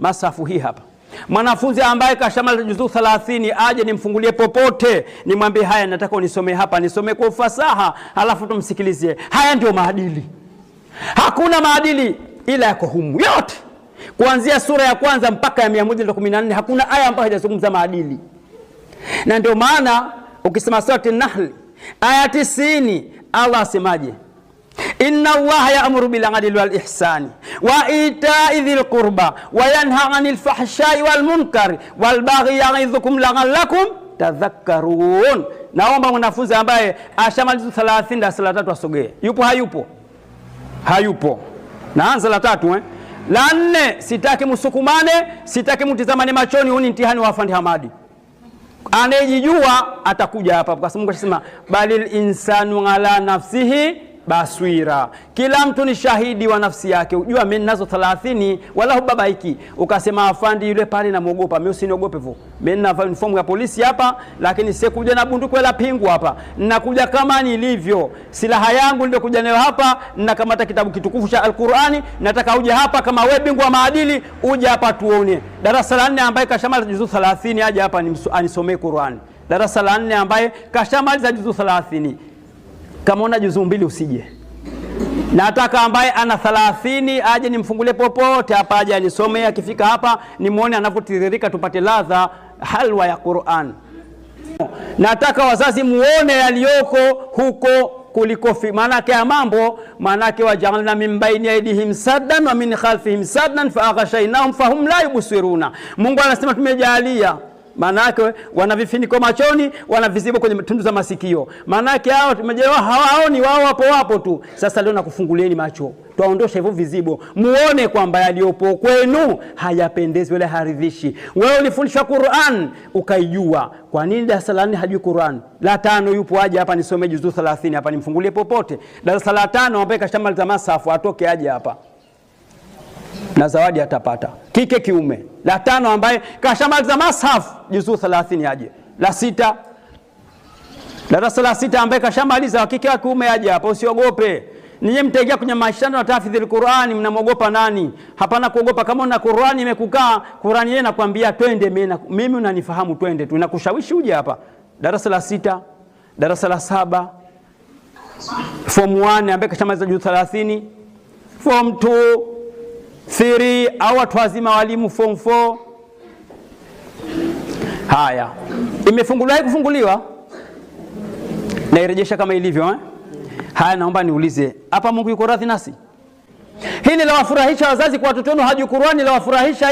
masafu hii hapa. Mwanafunzi ambaye kashamaliza juzuu 30 aje nimfungulie popote, nimwambie haya, nataka unisomee hapa, nisomee kwa ufasaha, halafu tumsikilizie. Haya ndio maadili. Hakuna maadili ila yako humu yote, kuanzia sura ya kwanza mpaka ya 114 hakuna aya ambayo haijazungumza maadili, na ndio maana ukisema Surati Nahl aya 90 Allah asemaje? inna allaha ya'muru bil adli wal ihsani wa ita'i dhil qurba wa yanha 'anil fahshai wal munkari wal baghi ya'idhukum la'allakum tadhakkarun. Naomba mwanafunzi ambaye ashamaliza 30 darasa la tatu asogee. Yupo hayupo? Hayupo. Naanza la tatu eh? La nne, sitaki msukumane, sitaki mtizamane machoni. Huu ni mtihani wa Afandi Hamadi. Anayejijua atakuja hapa, kwa sababu Mungu anasema balil insanu ala nafsihi baswira, kila mtu ni shahidi wa nafsi yake. Ujua mimi ninazo 30 wala hubabaiki, ukasema afandi yule pale namwogopa. Mimi usiniogope hivyo, mimi nina uniform ya polisi hapa, lakini sikuja na bunduki wala pingu hapa, ninakuja kama nilivyo. Silaha yangu ndio kuja nayo hapa, ninakamata kitabu kitukufu cha Alqurani. Nataka uje hapa kama wewe bingwa maadili, uje hapa tuone. Darasa la 4 ambaye kashamaliza juzu 30 aje hapa anisomee Qurani. Darasa la 4 ambaye kashamaliza juzu 30 kama una juzuu mbili usije, nataka ambaye ana thalathini aje nimfungulie popote hapa, aje anisomee, akifika hapa nimwone anavyotiririka, tupate ladha halwa ya Qur'an. Nataka wazazi muone yaliyoko huko kuliko fi maanake ya mambo maanake, wajaalna min baini aidihim saddan wa min khalfihim saddan fa fahum la yubsiruna. Mungu anasema tumejalia maana wana vifiniko machoni, wana vizibo kwenye tundu za masikio. maanaake ao hao tumejewa hawaoni, wao wapo wapo tu. Sasa leo nakufungulieni macho, twaondosha hivyo vizibo, muone kwamba yaliyopo kwenu hayapendezi wala haridhishi. Wewe ulifundishwa Qur'an ukaijua, kwa nini darasa la nne hajui Qur'an? La tano yupo aje hapa nisome juzuu 30 hapa nimfungulie popote. Darasa la tano ambaye kashamaliza masafu atoke aje hapa na zawadi atapata kike kiume. La tano ambaye kashamaliza mashafu juzuu 30 aje. La sita darasa la sita ambaye kashamaliza, wa kike wa kiume aje hapa, usiogope. Ninyi mtaingia kwenye mashindano ya tahfidhil Qur'ani, mnamogopa nani? Hapana kuogopa, kama una Qur'ani imekukaa Qur'ani yeye nakwambia twende, mimi unanifahamu, twende tu, nakushawishi uje hapa. Darasa la sita, darasa la saba, form 1 ambaye kashamaliza juzuu 30, form 2 siri au watu wazima walimu form 4. Haya, imefunguliwa kufunguliwa? Nairejesha kama ilivyo eh? Haya, naomba niulize hapa, Mungu yuko radhi nasi? Hili la wafurahisha wazazi kwa watoto wenu hajukurani la wafurahisha